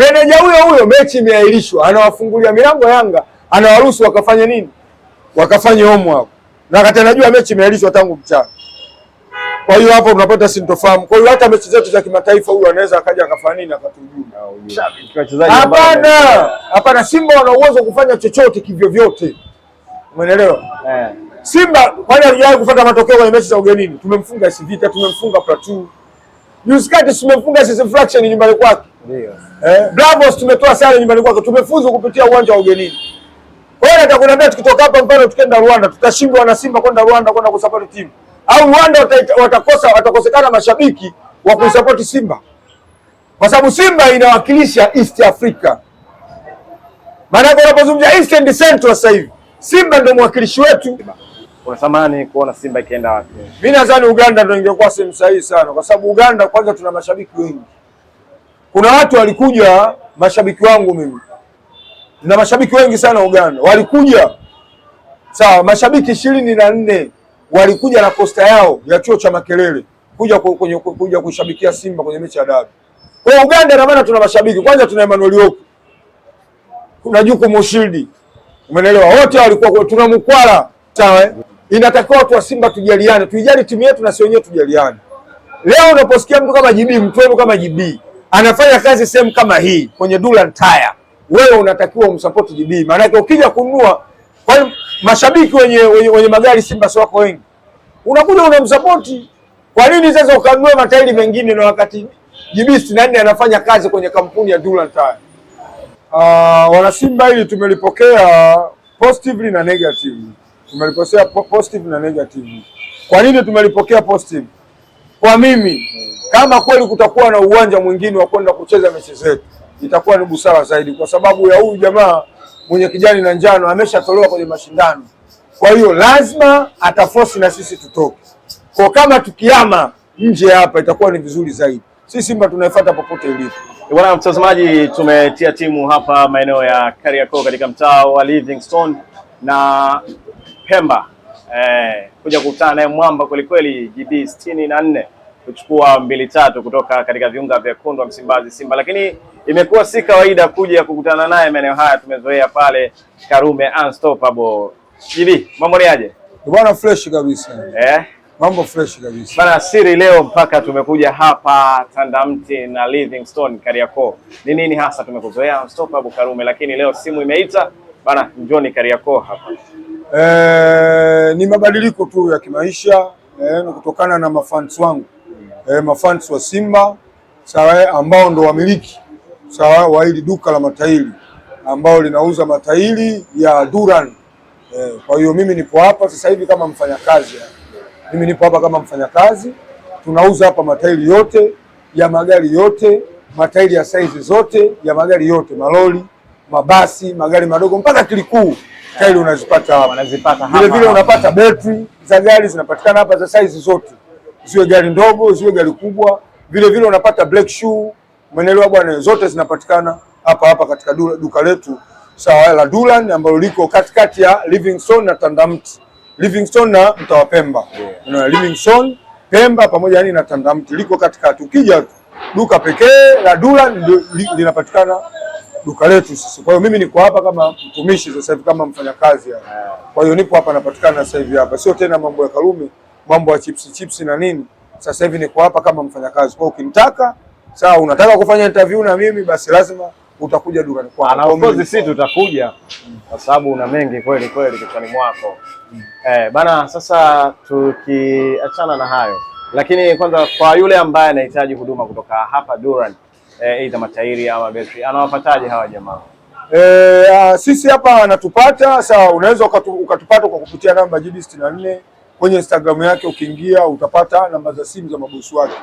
Meneja huyo huyo, mechi imeahirishwa, anawafungulia milango Yanga, anawaruhusu wakafanye nini? Wakafanye homework na kati anajua mechi imeahirishwa tangu mchana. Kwa hiyo hapo tunapata sintofahamu. Kwa hiyo hata mechi zetu za kimataifa huyo anaweza akaja akafanya nini akatujua. Hapana, hapana, Simba wana uwezo kufanya chochote kivyovyote, umeelewa eh? Simba kwani hatujawahi kupata matokeo kwenye mechi za ugenini? Tumemfunga Sivita, tumemfunga Plateau Nyusikati tumefunga sisi fraction nyumbani kwake. Ndio. Eh, Bravos tumetoa sare nyumbani kwake. Tumefuzu kupitia uwanja wa ugenini. Kwa hiyo nataka kuniambia tukitoka hapa mfano tukenda Rwanda, tutashindwa na Simba kwenda Rwanda kwenda kusapoti timu. Au Rwanda watakosa watakosekana mashabiki wa kuisapoti Simba. Kwa sababu Simba inawakilisha East Africa. Maana unapozungumzia and Central sasa hivi, Simba ndio mwakilishi wetu unatamani kuona Simba ikienda wapi? Mimi nadhani Uganda ndio ingekuwa sehemu sahihi sana, kwa sababu Uganda kwanza tuna mashabiki wengi. Kuna watu walikuja, mashabiki wangu mimi na mashabiki wengi sana Uganda walikuja, sawa, mashabiki ishirini na nne walikuja na posta yao ya chuo cha Makerere kuja kwenye kuja kushabikia Simba kwenye mechi ya dabi. Kwa Uganda na maana tuna mashabiki kwanza, tuna Emmanuel Oku. kuna Juku Moshildi. umeelewa? Wote walikuwa tuna Mkwala, sawa eh? Inatakiwa watu wa Simba tujaliane, tuijali timu yetu na sio wenyewe tujaliane. Leo unaposikia mtu kama JB, mtu kama JB anafanya kazi sehemu kama hii kwenye Dulan Tire, wewe unatakiwa umsupport JB, maana yake ukija kununua, kwa mashabiki wenye, wenye, wenye magari Simba sio wako wengi, unakuja unamsupport. Kwa nini sasa ukanunua matairi mengine na wakati JB 64 anafanya kazi kwenye kampuni ya Dulan Tire? Uh, ah, wana Simba hili tumelipokea positively na negative tumelipokea positive na negative. Kwa nini tumelipokea positive? Kwa mimi kama kweli kutakuwa na uwanja mwingine wa kwenda kucheza mechi zetu itakuwa ni busara zaidi, kwa sababu ya huyu jamaa mwenye kijani na njano ameshatolewa kwenye mashindano. Kwa hiyo lazima atafosi na sisi tutoke kwa, kama tukiama nje hapa itakuwa ni vizuri zaidi. Sisi Simba tunaifuata popote ilipo. Eh, bwana mtazamaji, tumetia timu hapa maeneo ya Kariakoo katika mtaa wa Livingstone na Pemba eh, kuja kukutana naye mwamba kwelikweli GB sitini na nne kuchukua mbili tatu kutoka katika viunga vya wekundu Msimbazi Simba, lakini imekuwa si kawaida kuja kukutana naye maeneo haya, tumezoea pale Karume Unstoppable. GB, mambo ni aje? Bwana fresh kabisa. Eh? Mambo fresh kabisa. Bana siri leo mpaka tumekuja hapa Tandamti na Livingstone Kariakoo. Ni nini hasa tumekuzoea Unstoppable Karume, lakini leo simu imeita bana, njoni Kariakoo hapa. E, ni mabadiliko tu ya kimaisha e, kutokana na mafans wangu e, mafans wa Simba sawa, ambao ndo wamiliki sawa wa hili duka la matairi ambao linauza matairi ya Duran e, kwa hiyo mimi nipo hapa sasa hivi kama mfanyakazi, mimi nipo hapa kama mfanyakazi, tunauza hapa matairi yote ya magari yote, matairi ya saizi zote ya magari yote, malori, mabasi, magari madogo mpaka kilikuu tairi unazipata hapa, unazipata hapa. Vile vile unapata betri za gari zinapatikana hapa za size zote, ziwe gari ndogo ziwe gari kubwa. Vile vile unapata black shoe, umeelewa bwana, zote zinapatikana hapa hapa katika duka letu sawa la Dulan ambalo liko katikati ya Livingstone na Tandamti, Livingstone na Mtawapemba. Pemba yeah. Livingstone Pemba pamoja yani na Tandamti liko katikati, ukija duka pekee la Dulan linapatikana duka letu sisi. Kwa hiyo mimi niko hapa kama mtumishi sasa hivi kama mfanyakazi hapa. Kwa hiyo nipo hapa napatikana sasa hivi hapa, sio tena mambo ya Karume, mambo ya chipsi chipsi na nini. Sasa hivi niko hapa kama mfanyakazi. Kwa hiyo ukinitaka, sawa, unataka kufanya interview na mimi, basi lazima utakuja dukani Na Of course sisi tutakuja kwa sababu una mengi kweli kweli kichwani mwako. Mm. Eh, bana sasa tukiachana na hayo, lakini kwanza kwa yule ambaye anahitaji huduma kutoka hapa Durant, aidha eh, e, matairi ama betri, anawapataje hawa jamaa? E, sisi hapa anatupata sawa, unaweza ukatu, ukatupata kwa kupitia namba GD sitini na nne kwenye Instagram yake ukiingia utapata namba za simu za mabosi wake.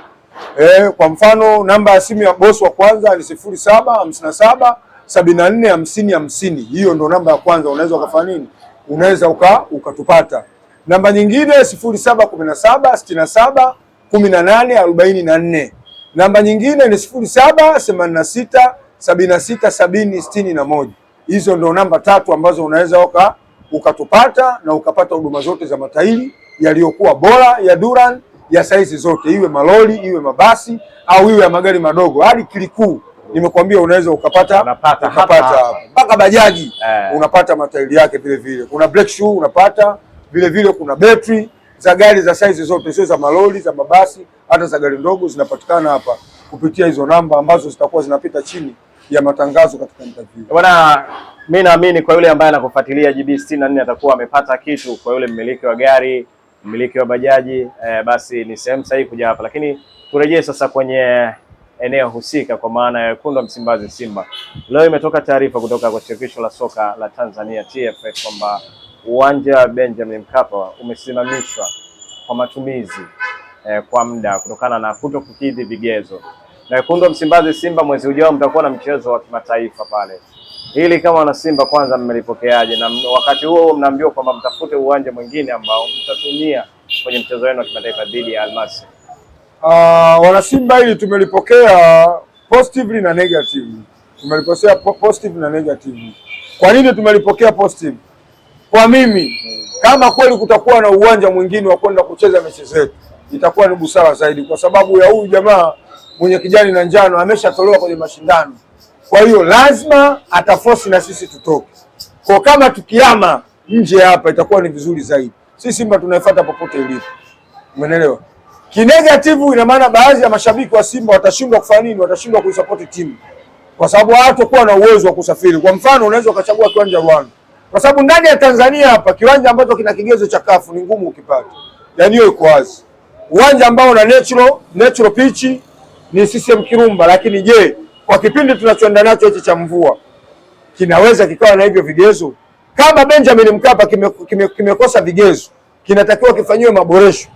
E, kwa mfano namba ya simu ya bosi wa kwanza ni sifuri saba hamsini na saba sabini na nne hamsini hamsini. Hiyo ndo namba ya kwanza, unaweza ukafanya nini, unaweza uka, ukatupata. Namba nyingine sifuri saba kumi na saba sitini na saba kumi na nane arobaini na nne Namba nyingine ni sifuri saba themanini na sita sabini na sita sabini sitini na moja. Hizo ndo namba tatu ambazo unaweza uka ukatupata na ukapata huduma zote za matairi yaliyokuwa bora ya Duran ya saizi zote, iwe maloli iwe mabasi au iwe ya magari madogo hadi kilikuu. Nimekuambia unaweza ukapata unapata mpaka bajaji eh, unapata matairi yake vile vile. Kuna black shoe unapata vile vile, kuna betri za gari za saizi zote, sio za maloli za mabasi hata za gari ndogo zinapatikana hapa kupitia hizo namba ambazo zitakuwa zinapita chini ya matangazo katika mtandao. Bwana, mimi naamini kwa yule ambaye anakufuatilia GB 64 atakuwa amepata kitu. Kwa yule mmiliki wa gari, mmiliki wa bajaji eh, basi ni sehemu sahihi kuja hapa, lakini turejee sasa kwenye eneo husika kwa maana ya wekundu wa Msimbazi, Simba. Leo imetoka taarifa kutoka kwa shirikisho la soka la Tanzania TFF kwamba uwanja wa Benjamin Mkapa umesimamishwa kwa matumizi eh, kwa muda kutokana na kuto kukidhi vigezo. Wekundu wa Msimbazi, Simba, mwezi ujao mtakuwa na mchezo wa kimataifa pale. Hili kama wana Simba kwanza mmelipokeaje? Na wakati huo mnaambiwa kwamba mtafute uwanja mwingine ambao mtatumia kwenye mchezo wenu wa kimataifa dhidi ya Almasi. Uh, ah, wana Simba, hili tumelipokea positively na negative. Tumelipokea positive na negative. Kwa nini tumelipokea positive? Kwa mimi kama kweli kutakuwa na uwanja mwingine wa kwenda kucheza mechi zetu itakuwa ni busara zaidi, kwa sababu ya huyu jamaa mwenye kijani na njano ameshatolewa kwenye mashindano. Kwa hiyo lazima atafosi na sisi tutoke kwa, kama tukiama nje hapa itakuwa ni vizuri zaidi. Sisi Simba tunaifuata popote ilipo, umeelewa? Kinegative ina maana baadhi ya mashabiki wa Simba watashindwa kufanya nini? Watashindwa kuisupport timu kwa sababu hawatakuwa na uwezo wa kusafiri. Kwa mfano, unaweza ukachagua kiwanja Rwanda, kwa sababu ndani ya Tanzania hapa kiwanja ambacho kina kigezo cha kafu ni ngumu ukipata, yaani hiyo iko wazi uwanja ambao una natural, natural pitch ni CCM Kirumba, lakini je, kwa kipindi tunachoenda nacho hichi cha mvua kinaweza kikawa na hivyo vigezo? Kama Benjamin Mkapa kimekosa kime, kime vigezo, kinatakiwa kifanyiwe maboresho.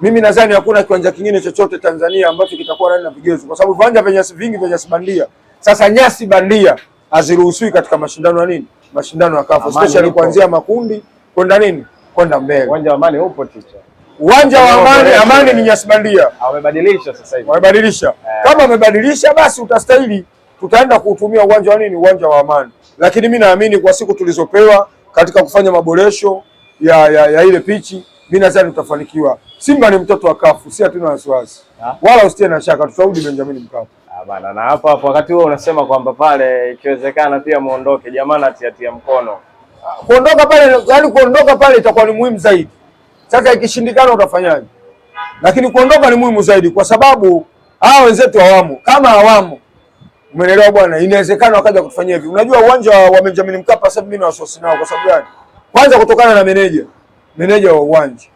Mimi nadhani hakuna kiwanja kingine chochote Tanzania ambacho kitakuwa na vigezo, kwa sababu viwanja nyasi vingi vya nyasi bandia. Sasa nyasi bandia haziruhusiwi katika mashindano ya nini, mashindano ya kafu, especially kuanzia makundi kwenda nini, kwenda mbele. Uwanja wa Amani upo ticha uwanja wa Amani. Amani ni nyasi bandia, wamebadilisha sasa hivi, wamebadilisha. Eh. Kama wamebadilisha, basi utastahili, tutaenda kuutumia uwanja wa nini, uwanja wa Amani. Lakini mi naamini kwa siku tulizopewa katika kufanya maboresho ya, ya, ya ile pichi, mi nadhani tutafanikiwa. Simba ni mtoto wa kafu, si hatuna wasiwasi wala usitie na shaka, tutarudi Benjamin Mkapa ah, bana. Na hapa hapo wakati huo unasema kwamba pale ikiwezekana pia muondoke, jamani, atiatia mkono kuondoka pale, yaani kuondoka pale itakuwa ni muhimu zaidi sasa ikishindikana utafanyaje? Lakini kuondoka ni muhimu zaidi, kwa sababu hawa wenzetu hawamo. Kama hawamo, umeelewa bwana, inawezekana wakaja kutufanyia hivi. Unajua uwanja wa Benjamin Mkapa sasa mimi na wasiwasi nao. Kwa sababu gani? Kwanza kutokana na meneja, meneja wa uwanja,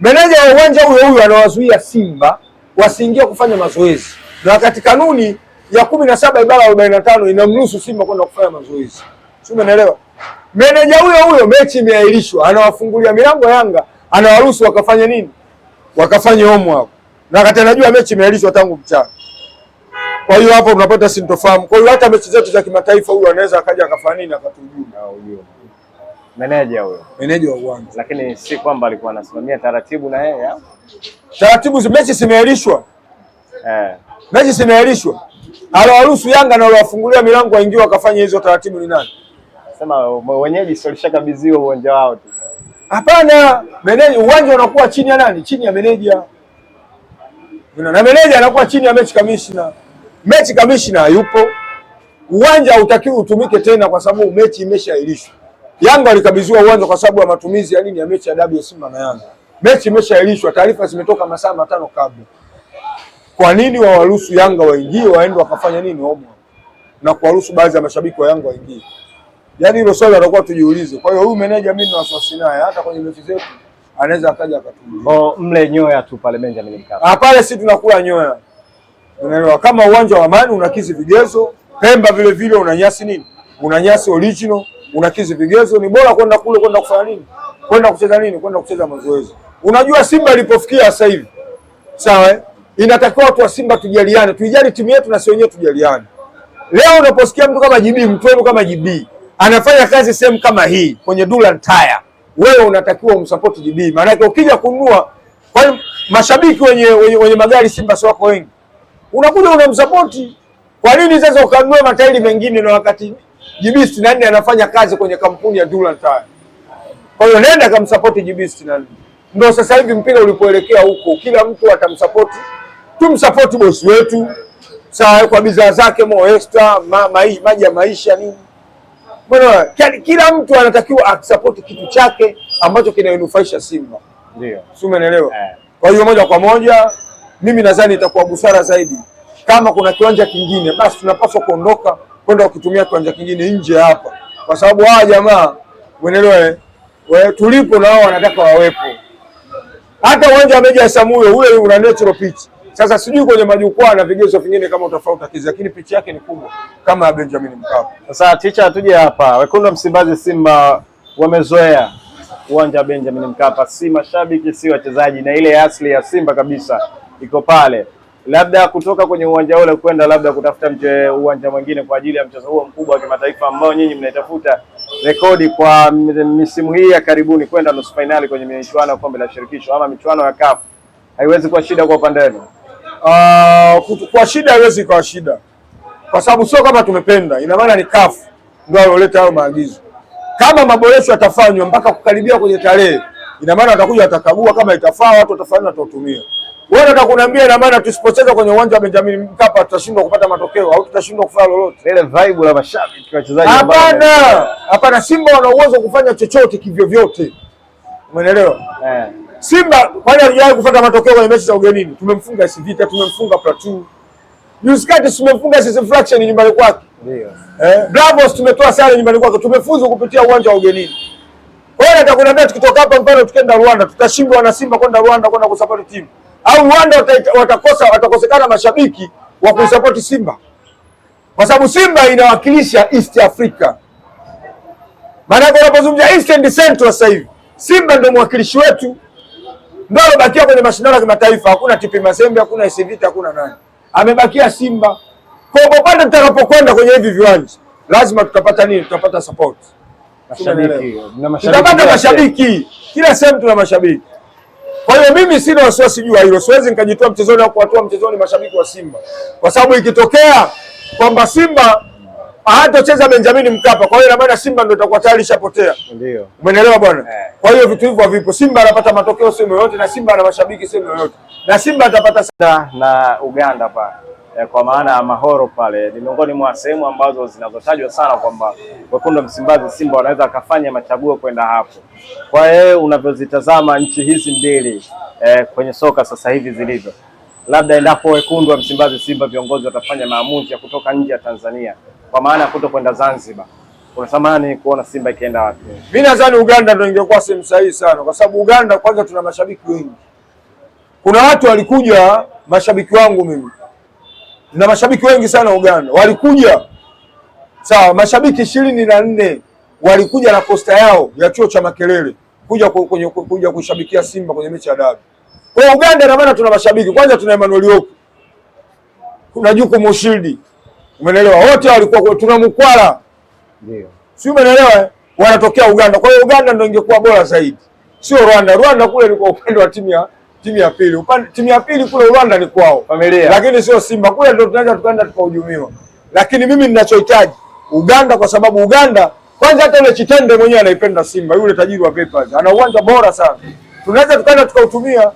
meneja wa uwanja huyo huyo anawazuia Simba wasiingie kufanya mazoezi, na wakati kanuni ya kumi na saba ibara arobaini na tano inamruhusu Simba kwenda kufanya mazoezi, si umeelewa? Meneja huyo huyo mechi imeahirishwa, anawafungulia milango Yanga anawaruhusu wakafanye nini, wakafanye homework, na kati anajua mechi imeahirishwa tangu mchana. Kwa hiyo hapo tunapata sintofahamu. Kwa hiyo hata mechi zetu za kimataifa huyu anaweza akaja akafanya nini, akatujua huyo meneja huyo, meneja wa uwanja, lakini si kwamba alikuwa anasimamia taratibu na yeye taratibu. Mechi zimeahirishwa eh, mechi zimeahirishwa, alowaruhusu Yanga na alowafungulia milango waingie wakafanya hizo taratibu ni nani? Sema wenyeji sio, walishakabidhiwa uwanja wao tu. Hapana, meneja uwanja unakuwa chini ya nani? Chini ya meneja, na meneja anakuwa chini ya mechi kamishna. Mechi kamishna hayupo, uwanja hautakiwi utumike tena kwa sababu mechi imeshaairishwa. Yanga alikabidhiwa uwanja kwa sababu ya matumizi ya nini? Ya mechi ya dabi ya Simba na Yanga. Mechi imeshaairishwa, taarifa zimetoka masaa matano kabla. Kwa nini wawaruhusu Yanga waingie waende wakafanya nini omo, na kuwaruhusu baadhi ya mashabiki wa Yanga waingie? Yaani hilo swali atakuwa tujiulize. Kwa hiyo huyu meneja mimi ni wasiwasi naye, hata kwenye mechi zetu anaweza akaja akatumia. Oh, mle nyoya tu pale Benjamin Mkapa. Ah, pale si tunakula nyoya. Unaelewa, kama uwanja wa Amani unakizi vigezo, Pemba vile vile una nyasi nini? Una nyasi original, unakizi vigezo, ni bora kwenda kule kwenda kufanya nini? Kwenda kucheza nini? Kwenda kucheza mazoezi. Unajua Simba ilipofikia sasa hivi. Sawa eh? Inatakiwa watu wa Simba tujaliane, tuijali timu yetu na sio wenyewe tujaliane. Leo unaposikia mtu kama JB, mtu wenu kama JB anafanya kazi sehemu kama hii kwenye Dulan Tire, wewe unatakiwa umsupport JB, maanake ukija kununua, kwa mashabiki wenye, wenye, wenye magari Simba si wako wengi? Unakuja unamsupport. Kwa nini sasa ukanunua matairi mengine na wakati JB 64 anafanya kazi kwenye kampuni ya Dulan Tire? Kwa hiyo nenda kamsupport JB 64. Ndio sasa hivi mpira ulipoelekea huko, kila mtu atamsupport. Tumsupport bosi wetu, sawa, kwa bidhaa zake mo extra ma, ma, maji ya maisha nini Mbona kila mtu anatakiwa asapoti kitu chake ambacho kinainufaisha Simba, ndio si umeelewa? Eh. Kwa hiyo moja kwa moja mimi nadhani itakuwa busara zaidi kama kuna kiwanja kingine, basi tunapaswa kuondoka kwenda kutumia kiwanja kingine nje hapa, kwa sababu hawa jamaa umeelewa, eh? tulipo na wao wanataka wawepo. Hata uwanja wa Meja Samuyo ule una natural pitch sasa sijui kwenye majukwaa na vigezo vingine kama utafauta kizi, lakini picha yake ni kubwa kama ya Benjamin Mkapa. Sasa ticha, tuje hapa, wekundu Msimbazi Simba wamezoea uwanja wa Benjamin Mkapa, si mashabiki si wachezaji, na ile asili ya Simba kabisa iko pale. Labda kutoka kwenye uwanja ule kwenda labda kutafuta mche uwanja mwingine kwa ajili ya mchezo huo mkubwa wa kimataifa ambao nyinyi mnaitafuta rekodi kwa misimu hii ya karibuni kwenda nusu fainali kwenye michuano ya kombe la shirikisho ama michuano ya CAF haiwezi kuwa shida kwa upande wenu uh, kwa shida haiwezi ikawa shida, kwa sababu sio kama tumependa. Ina maana ni CAF ndio aloleta hayo maagizo. Kama maboresho yatafanywa mpaka kukaribia kwenye tarehe, ina maana watakuja watakagua, kama itafaa watu watafanya, tutumie. Wewe nataka kuniambia ina maana tusipocheza kwenye uwanja wa Benjamin Mkapa tutashindwa kupata matokeo au tutashindwa kufanya lolote? Ile vibe la mashabiki wachezaji, hapana, hapana. Simba wana uwezo kufanya chochote kivyovyote, umeelewa eh? Simba kwani hatujawahi kufuata matokeo kwenye mechi za ugenini? Tumemfunga si vita, tumemfunga platu Juzi kati tumemfunga sisi Fraction nyumbani kwake. Ndio. Eh, Bravos tumetoa sare nyumbani kwake. Tumefuzu kupitia uwanja wa ugenini. Kwa hiyo nataka kuniambia tukitoka hapa mfano tukaenda Rwanda, tutashindwa na Simba kwenda Rwanda kwenda kusupport timu. Au Rwanda watakosa watakosekana mashabiki wa kusupport Simba. Kwa sababu Simba inawakilisha East Africa. Maana unapozungumzia and Central sasa hivi, Simba ndio mwakilishi wetu ndio amebakia kwenye mashindano ya kimataifa. Hakuna TP Mazembe, hakuna AS Vita, hakuna nani, amebakia Simba. Kwa popote tutakapokwenda kwenye hivi viwanja lazima tutapata nini? Tutapata support, tutapata mashabiki kila sehemu, tuna mashabiki. Kwa hiyo mimi sina wasiwasi juu hilo, siwezi nikajitoa mchezoni au kuwatoa mchezoni mashabiki wa Simba, kwa sababu ikitokea kwamba Simba hatocheza Benjamin Mkapa. Kwa hiyo ina maana Simba ndio itakuwa tayari ishapotea. Ndio. Umeelewa bwana? Eh. Kwa hiyo vitu hivyo havipo. Simba anapata matokeo sehemu yoyote na Simba ana mashabiki sehemu yoyote. Na Simba atapata na, na Uganda pa eh, kwa maana ya Mahoro pale ni miongoni mwa sehemu ambazo zinazotajwa sana kwamba wekundu wa Msimbazi Simba wanaweza akafanya machaguo kwenda hapo. Kwa hiyo unavyozitazama nchi hizi mbili eh, kwenye soka sasa hivi zilivyo, labda endapo wekundu wa Msimbazi Simba viongozi watafanya maamuzi ya kutoka nje ya Tanzania kwa maana kuto kwenda Zanzibar. Unatamani kuona Simba ikienda wapi? Mimi nadhani Uganda ndio ingekuwa sehemu sahihi sana, kwa sababu Uganda kwanza tuna mashabiki wengi. Kuna watu walikuja, mashabiki wangu mimi na mashabiki wengi sana Uganda walikuja, sawa, mashabiki ishirini na nne walikuja na posta yao ya chuo cha Makerere kuja kwenye kuja kushabikia Simba kwenye mechi ya dabi. Kwa Uganda na maana tuna mashabiki kwanza, tuna Emmanuel Okwi, kuna Juku Moshildi. Umeelewa? Wote walikuwa tuna mkwala. Ndio. Si umeelewa? Eh? Wanatokea Uganda. Kwa hiyo Uganda ndio ingekuwa bora zaidi. Sio Rwanda. Rwanda kule ilikuwa upande wa timu ya timu ya pili. Upande timu ya pili kule Rwanda ni kwao. Familia. Lakini sio Simba. Kule ndio tunaanza tukaenda tukahujumiwa. Lakini mimi ninachohitaji Uganda kwa sababu Uganda kwanza hata yule Chitende mwenyewe anaipenda Simba, yule tajiri wa Vipers. Ana uwanja bora sana. Tunaweza tukaenda tukautumia.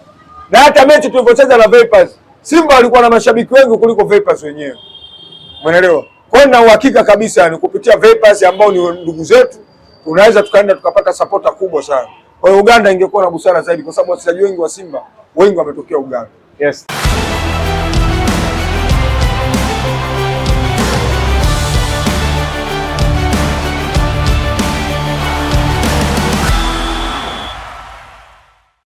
Na hata mechi tulivyocheza na Vipers, Simba walikuwa na mashabiki wengi kuliko Vipers wenyewe. Umeelewa? Kwa hiyo na uhakika kabisa ni kupitia Vipers ambao ni ndugu zetu tunaweza tukaenda tukapata sapota kubwa sana. Kwa hiyo Uganda ingekuwa na busara zaidi kwa sababu wachezaji wengi wa Simba wengi wametokea Uganda. Yes.